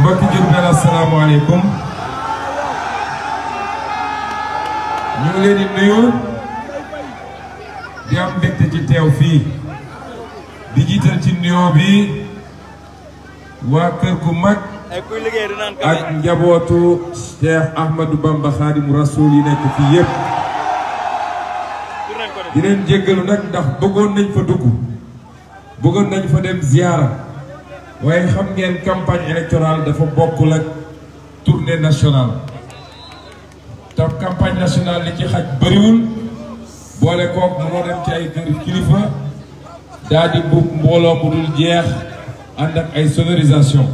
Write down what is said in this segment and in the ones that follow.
mbokki Diourbel asalaamaaleykum ñu leen di nuyu di am mbégte ci teew fii di jiital ci nuyoo bi waa kër gu mag ak njabootu Cheikh Ahmadou Bamba Khadim Rasoul yi nekk fii yépp di leen nag ndax bëggoon nañ fa dugg bëggoon nañu fa dem ziyaara waaye xam ngeen campagne électorale dafa bokkul ak tournée nationale te campagne nationale li ci xaj bëriwul boole kook moo def ci ay kër kilifa daa di bu mbooloo bu dul jeex ànd ak ay sonorisation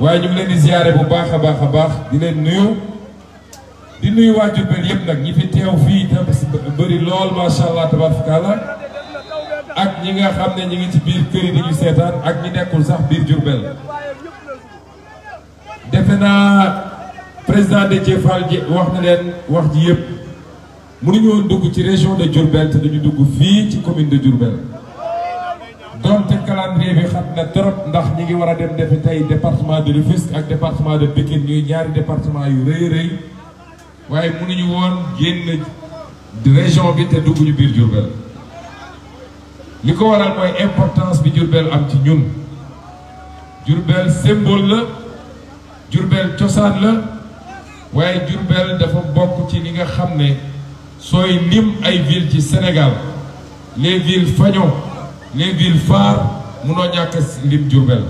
waaye ñu ngi leen di ziare bu baax a baax a baax di leen nuyu di nuyu waa Jurbel yëpp nag ñi fi teew fii te bëri lool macha allah tabaaraka ak ñi nga xamne ñi ngi ci biir kër yi di ñu seetaan ak ñi nekkul sax biir jurbel defena président de Fall ji wax na len wax ji yëpp mënuñoo dugg ci région de Jurbel té dañu dugg fi ci commune de Diourbel donte calendrier bi xat na trop ndax ñi ngi wara dem def tay département de Rufisque ak département de Pikine ñuy ñaari département yu rëy rëy waaye ñu won génn région bi té dugg ñu biir Jurbel li ko waral mooy importance bi Jurbel am ci ñun Jurbel symbole la Jurbel cosaan la waaye Jurbel dafa bokk ci li nga xam ne sooy lim ay ville ci Sénégal les villes fanion les villes phares munoo ñàkk lim Jurbel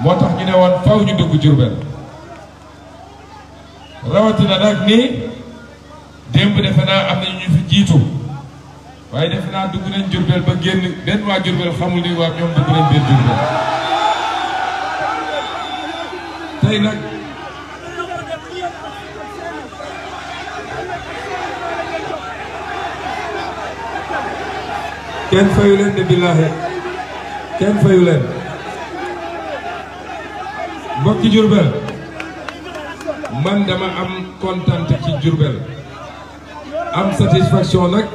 moo tax ñu ne woon faw ñu dugg Jurbel rawatina nag ni démb defe naa am na ñu fi jiitu waaye defe naa dugg nañ Jurbel ba génn benn waa Jurbel xamul ni waa ñoom dugg nañ biir Jurbel tey nag kenn fayu leen de billaahi kenn fayu leen mbokki Jurbel man dama am kontaan ci Jurbel am satisfaction nag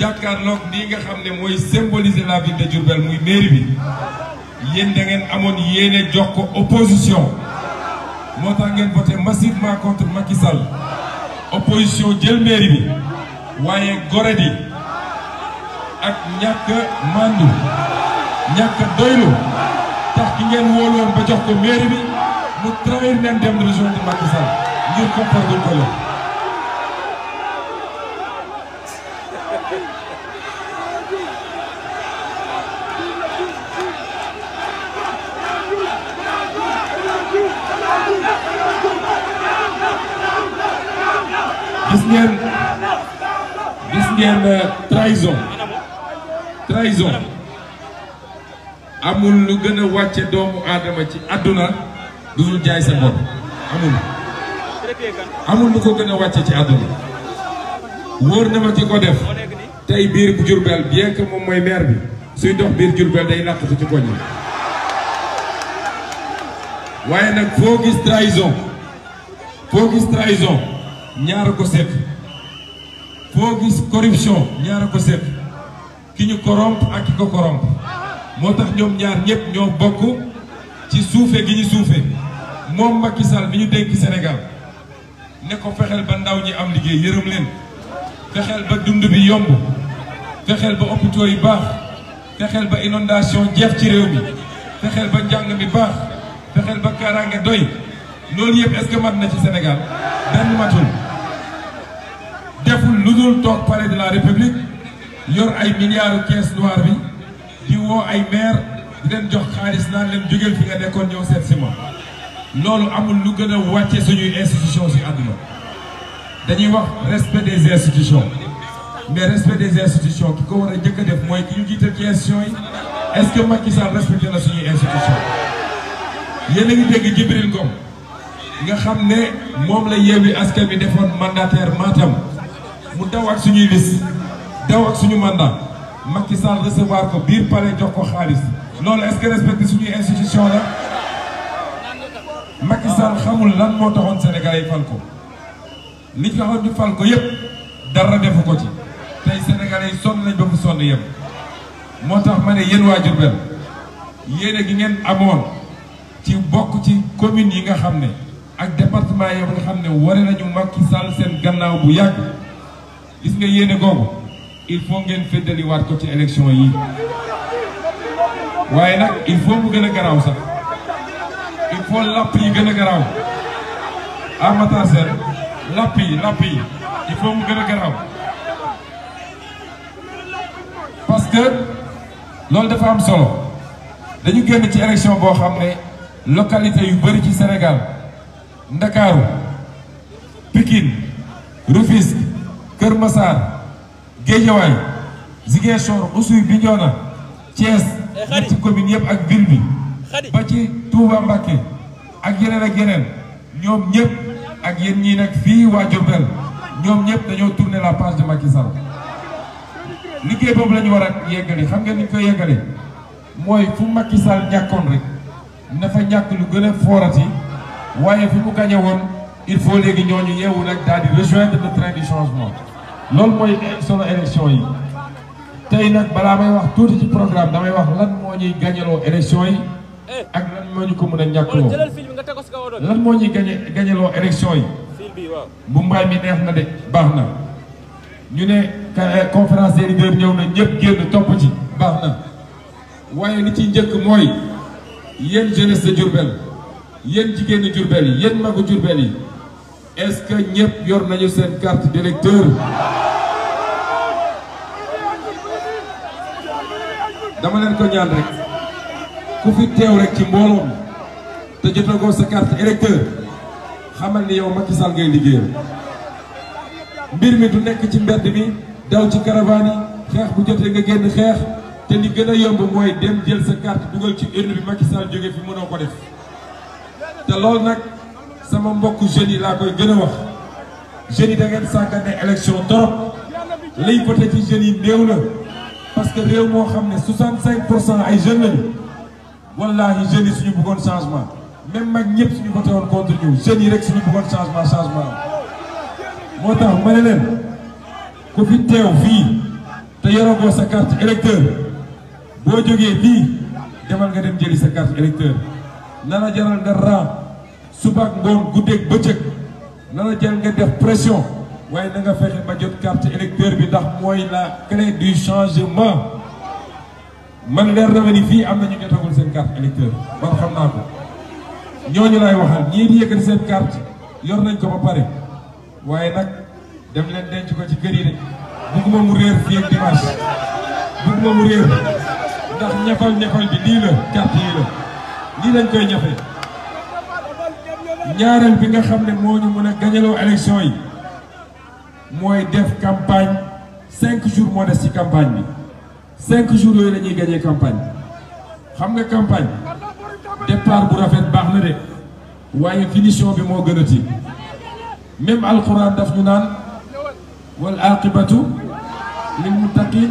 lok ni nga xamne moy symboliser la ville de djourbel moy mairie bi yeen da ngeen amone yene jox ko opposition mota ngeen voter massivement contre Macky Sall opposition djel mairie bi waaye goredi ak ñak mandu ñak doylu tax ki ngeen wolone ba jox ko mairie bi mu trahir même dem rejoindre Macky Sall ngir koppar duñ ko gis ngeen gis ngeen euh, amul lu gën a wàcce doomu aadama ci àdduna dul jaay sa bor amul amul ko gën a wàcce ci àdduna wóor na ma ci ko def tey biir bu Jurbel bien moom mooy maire bi suy dox biir Jurbel day làqatu ci koñ waaye nag foo gis trahison foo gis trahison ñaara ko seet foo gis corruption ñaara ko seet ki ñu corrompe ak ki ko corrompe moo tax ñoom ñaar ñëpp ñoo bokk ci suufe gi ñu suufe moom Macky Sall bi ñu dégg senegal ne ko fexeel ba ndaw ñi am liggéey yërëm leen fexeel ba dund bi yomb fexeel ba hôpitaux yi baax fexeel ba inondation jeex ci réew mi fexeel ba njàng mi baax fexeel ba kaaraange doy loolu yëpp est que mat na ci Sénégal benn matul deful lu tok toog palais de la république yor ay milliards caisses noires bi di wo ay maire di leen jox xaliss nan leen jógeel fi nga nekkoon ñëw seet si ma loolu amul lu gëna a suñu suñuy institution si àdduna dañuy wax respect des institutions mais respect des institutions ki ko war a def moy ki ñu jiital ci institutions yi est-ce que Macky Sall respecté na suñu institution yéen ngi dégg Jibril Ngom nga xamné mom la Yewwi Askan Wi defoon mandataire Matam mu daw ak suñuy liste daw ak suñu mandat Macky Sall recevoir ko biir palais jox ko xaalis loolu est-ce que respecté suñuy institution la Macky Sall xamul lan moo taxoon Sénégalais yi fal ko li taxoon ñu fal ko yépp dara defu ko ci tey Sénégalais yi sonn nañ ba mu sonn yem moo tax ma ne yéen waa Diourbel yéene gi ngeen amoon ci bokk ci communes yi nga xam ne ak département yi nga xam ne ware nañu Macky Sall seen gannaaw bu yàgg gis nga yéene googu il faut ngeen féddaliwaat ko ci élection yi waaye nag il faut mu gën a garaaw sax il faut làpp yi gën a garaaw Amata làpp yi làpp yi il faut mu gën a garaaw parce que loolu dafa am solo dañu génn ci élection boo xam ne localité yu bëri ci senegal Ndakaaru Pikine Rufisque Kër Massar Guédiawaye Ziguinchor Oussouye Bignona Thiès eh, ñetti commune yëpp ak ville bi ba ci Touba Mbacké ak yeneen ak yeneen ñoom ñëpp ak yéen ñii nag fii waa Diourbel ñoom ñëpp dañoo tourner la page de Macky Sall liggéey boobu lañu ñu war a yeggali xam ngeen ni ñu koy yeggali mooy fu Macky Sall ñàkkoon rek na fa ñàkk lu gën a yi waaye fi mu gañe woon il faut léegi ñu yeewu nag daal di rejoindre le train du changement loolu mooy solo élection yi tey nag balaa may wax tuuti ci programme damay wax lan moo ñuy gañeloo élection yi ak lan moo ñu ko mën a ñàkkloo lan moo ñuy gañe gañeloo élection yi bu mbaay mi neex na de baax na ñu ne eh, conférence des leaders ñëw na ñëpp génn topp ci baax na waaye li ci njëkk mooy yéen jeunesse de Diourbel yéen jigéenu Diourbel yi yéen magu Diourbel yi est-ce que ñëpp yor nañu seen carte d'électeur dama leen ko ñaan rek ku fi teew rek ci mbooloom te jotagoo sa carte électeur xamal ni yow Macky Sall ngay liggéeyal mbir mi du nekk ci mbedd mi daw ci caravane yi xeex bu jotee nga génn xeex te li gën a yomb mooy dem jël sa carte dugal ci urne bi Macky Sall jóge fi mënoo ko def te loolu nag sama mbokk jeunes la koy gëna wax jeunes da ngeen sagane élection torop lay voté ci jeunes néew na parce que rew mo xamné 65 ay jeunes lañu wallahi jeunes suñu bëggon changement même mag ñëpp suñu voté won contre ñu jeunes rek suñu bëggon changement changement motax tax ma ne leen ku fi téw fi te yoro yorogoo sa carte électeur bo joggé fii demal nga dem jëli sa carte électeur nana jaral nga raa suba ak ngoon guddeeg bëccëg na la jël nga def pression waaye na nga fexe ba jot carte électeur bi ndax mooy la clé du changement man leer na ma ni fii am na ñu jotagul seen carte électeur man xam naa ko ñooñu lay waxal ñii di yëkkati seen carte yor nañ ko ba pare waaye nag dem leen denc ko ci kër yi de bugguma mu réer fii ak dimanche bugguma mu réer ndax ñafal ñafal bi lii la carte yi la lii lañ koy ñafe ñaareel bi nga xam ne moo ñu mën a gañaloo élection yi mooy def campagne cinq jours moo des ci campagne bi cinq jours yooyu lañuy gañee campagne xam nga campagne départ bu rafet baax na de waaye finition bi moo gën a ti même alxuraan daf ñu naan wal aqibatu lil muttaqin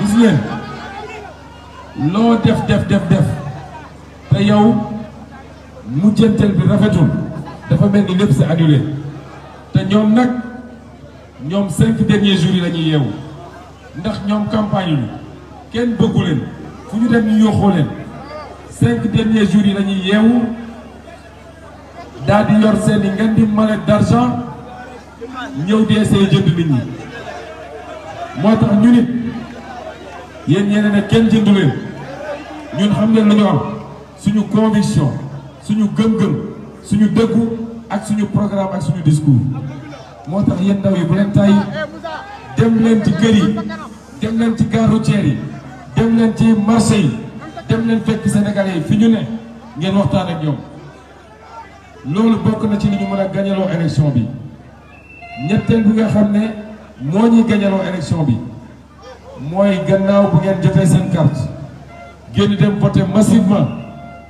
gis ngeen loo def def def def te yow mujjantel bi rafetul dafa annulé te ñom nak cinq derniers jours yi lañuy yew ndax campagne ñu kenn bëggu fu ñu dem ñu derniers jours yi lañuy yor d'argent ñëw jënd nit ñi moo tax kenn ñun conviction suñu gën gëm suñu dëggu ak suñu programme ak suñu discours moo tax yéen ndaw yi bu leen tàyyi dem leen ci kër yi dem leen ci gare routière yi dem leen ci marché yi dem leen fekk Sénégalais yi fi ñu ne ngeen waxtaan ak ñoom loolu bokk na ci li ñu mën a gañaloo élection bi ñetteel bi nga xam ne moo ñuy gañaloo élection bi mooy gannaaw bu ngeen jotee seen carte génn dem voter massivement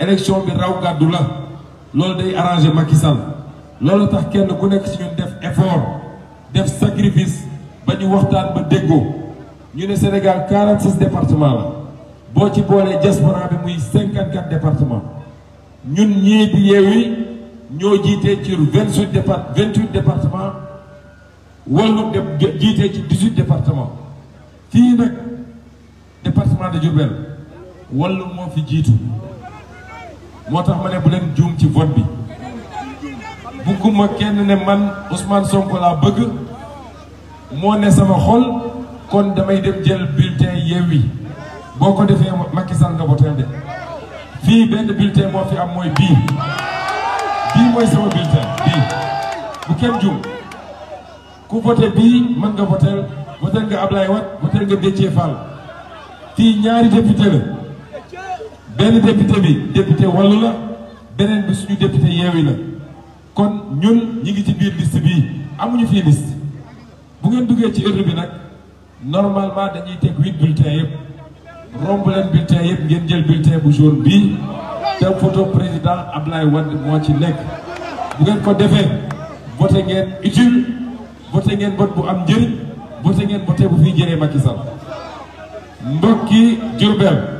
élection bi raw gadou la lolou day arrangé Macky Sall loolu tax kenn ku nek de ñun def effort def sacrifice ba ñu waxtaan ba déggo ñu né Sénégal 46 départements la boo ci bolé diaspora bi muy 54 départements ñun ñi di yewi ñoo jité ci 28 départements 28 départements Wallu de jité ci 18 départements fi nak département de Diourbel Wallu moo fi moo tax ma ne bu leen juum ci vote bi bugguma kenn ne man Ousmane Sonko laa bëgg moo ne sama xol kon damay dem jël bulletin Yewwi boo ko defee Macky Sall nga voté de fii benn bulletin moo fi am mooy bii bii mooy sama bulletin bii bu kenn juum ku voté bii mën nga voté voté nga Ablaye Wade voté nga Déthié Fall fii ñaari député la benn député bi député wàllu la beneen bi suñu député yeewi la kon ñun ñi ngi ci biir liste bi amuñu fii liste bu ngeen duggee ci urne bi nag normalement dañuy teg huit bulletins yëpp romb leen bulletin yëpp ngeen jël bulletin bu jaune bii te photo président Ablaye Wade moo ci nekk bu ngeen ko defee voté ngeen utile voté ngeen vote bu am njëriñ voté ngeen voté bu fiy jëree Macky Sall mbokki Diourbel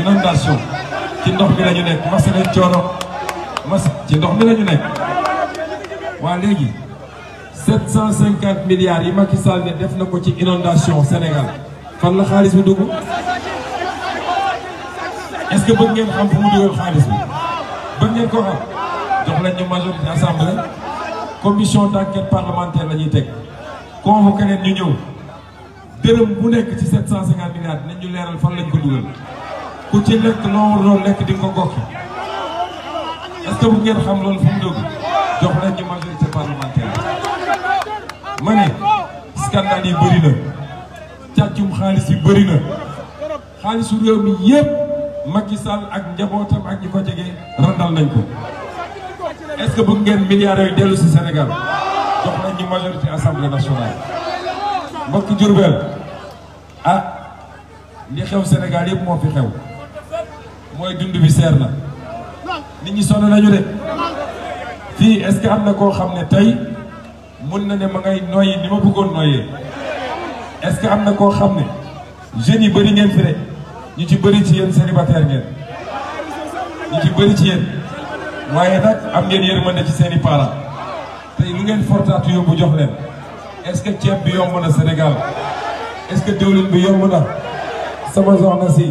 inondation ci ndox mi la ñu nekk mas nañ coono mas ci ndox mi la ñu nekk waa 750 milliards yi Macky Sall ne def na ko ci inondation Sénégal fan la xaalis bi dugg est-ce que bëgg ngeen xam fu mu dugal xaalis bi bëgg ngeen ko xam jox lañ majorité assemblée commission d'enquête parlementaire la ñuy teg convoqué leen ñu ñëw dërëm bu nekk ci 750 milliards nañ ñu leeral fan lañ ko dugal ku ci lekk la waroon di ko gokki est ce bu ngeen xam loolu fu mu jox leen ñu majorité parlementaire ma scandale yi bëri na càccum xaalis yi bëri na xaalisu réew mi yépp Macky Sall ak njabootam ak randal nañ ko est ce ngeen milliards Sénégal jox majorité assemblée nationale mbokk ah li xew Sénégal yëpp moo fi xew mooy dund bi seer na nit ñi sonn nañu de fii est-ce que am na koo xam ne tey mun na ne ma ngay noyyi ni ma bëggoon noyyee est-ce que am na koo xam ne jeunes yi bëri ngeen fi de ñu ci bëri ci yéen célibataire ngeen ñu ci bëri ci yéen waaye nag am ngeen yërmande ci seen i parents tey lu ngeen fortaatu yóbbu jox leen est ceeb bi yomb na Sénégal est-ce que diwlin bi yomb na sama soxna si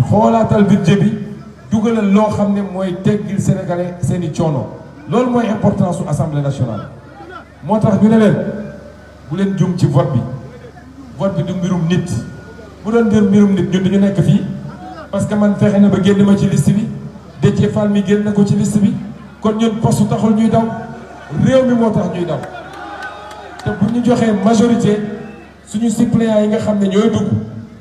xoolaatal budget bi dugalal teggil sénégalais importance assemblée nationale. motax ñu neul bu vote bi vote bi du mbirum nit bu mbirum nit parce que man fexé na ba ci liste bi fal mi ci liste bi kon ñun poste taxul ñuy daw réew mi ñuy daw bu ñu majorité suñu suppléants yi nga ñoy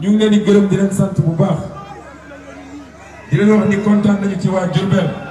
ñu ngi leen di gërëm di leen sant bu baax di leen wax ni kontaan ci waa Diourbel